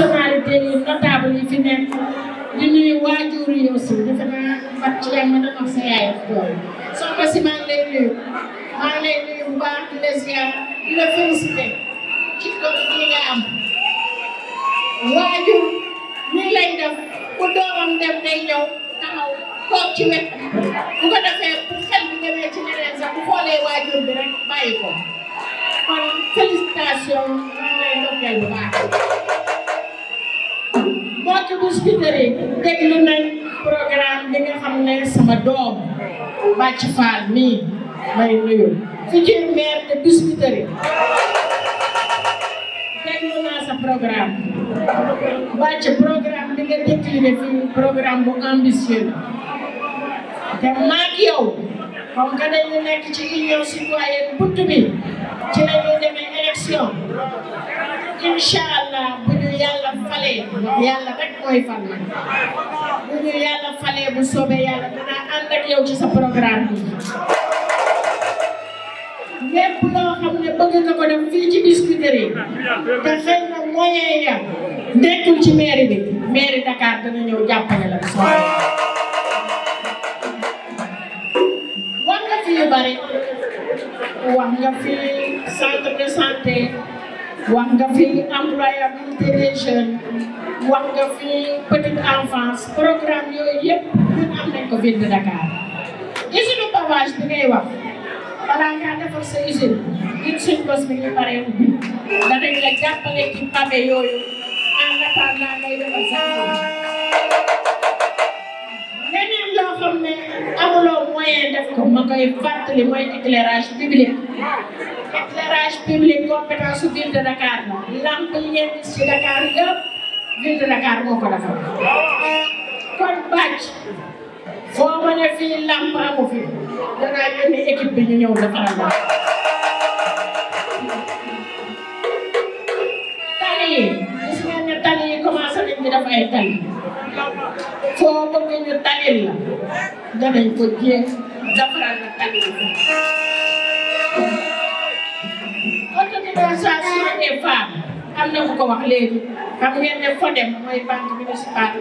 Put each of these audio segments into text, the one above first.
personnalité yi notable yi fi nekk ñu nuyu waajur yi aussi defe naa Fatou Thiam ma doon wax si maa ngi lay nuyu maa ngi lay nuyu bu baax di la ziar di la félicité ci loolu bi nga am waajur ñu lay def ku doomam ci wet bu ko ci leneen sax bu xoolee waajur bi rek ko kon félicitation maa ngi lay ndokkeel bu baax contributeur yi déglu nañ programme bi xam ne sama doom Bàcc Faal mii may nuyu futur maire de Biscuiterie déglu naa sa programme Bàcc programme bi nga décliné programme bu ambitieux te maag yow comme que dañu nekk ci union citoyenne butt bi ci la ñuy demee élection incha allah bu ñu yàlla falee yàlla rek mooy fal bu ñu yàlla falee bu soobee yàlla danaa ànd ak yow ci sa programme bi. lépp loo xam ne bëgg nga ko dem fii ci discuterie te xëy na moyen nekkul ci mairie bi mairie Dakar dana ñëw jàppale la soxla. wax nga fi yu wax nga fi centre de santé. wax nga fi employabilité des jeunes wax nga fi petite enfance programme yooyu yëpp ñun am nañ ko ville de Dakar. usine pavage bi ngay wax balaa ngaa defar sa usine une suñ bos bi ñu paree ubbi danañ la jàppale ci pavé yooyu en attendant ngay defar sa leneen loo xam ne amuloo moyen def ko ma koy fàttali mooy éclairage public. éclairage public compétence ville de Dakar la lamp yi ngeen gis ci Dakar yëpp ville de Dakar moo ko defar kon bàcc foo ma ne fii lamp amu fi ñu ñëw defaral ma tali yi gis ngeen ne tali ñu def ay ñu talil la danañ ko la yi association des femmes am na ku ko wax léegi xam ngeen ne FODEM mooy banque municipale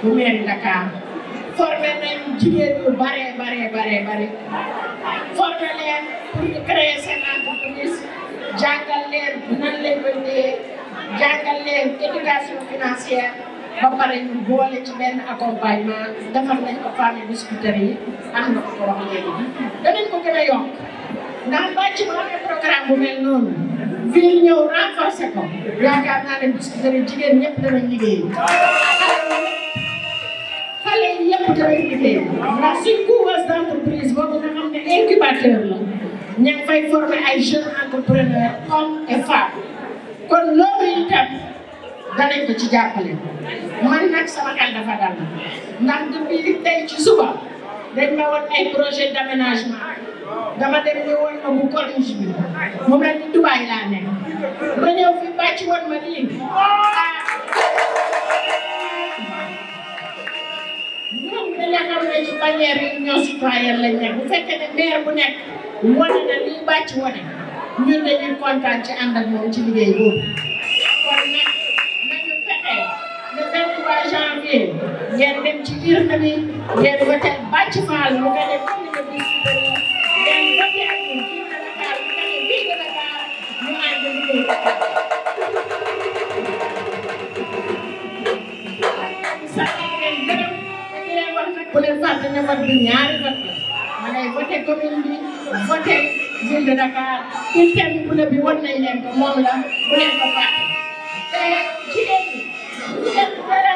bu mairie Dakar formé nañu jigéen ñu bare bare bare bare formé leen pour ñu créer seen entreprise jàngal leen nan lañ koy téye jàngal leen ba pare ñu boole ci benn accompagnement defar nañ ko femme biscuiterie yi am na ko ko wax léegi a ville ñëw renforcer ko yaakaar naa ne bis danañ jigéen ñëpp danañ liggéey xale yi yëpp danañ liggéey ndax suñ couveuse d' entreprise boobu nga xam ne incubateur la ña ngi fay former ay jeunes entrepreneurs hommes et femmes kon loolu itam danañ ko ci jàppale man nag sama xel dafa dal ndax depuis tey ci suba dañ ma woon ay projet d' aménagement dama dem ñu woon ma bu corniche bi mu mel ni Dubaay laa nekk ma ñëw fi bàcc woon ma lii ñoom ñi nga xam ne ci bannière yi ñoo citoyen lañ nekk bu fekkee ne maire bu nekk wane na lii bàcc wane ñun dañuy kontaan ci ànd ak moom ci liggéey boobu kon nag nañu fexe le 23 janvier ngeen dem ci urne bi ngeen wote bàcc faal mu nga dem bu leen fàtte ne vote bi ñaari vote la ma ngay voté commune bi voté ville de Dakar bulletin bu bleu bi wan nañ leen moom la bu leen ko fàtte te jigéen ñi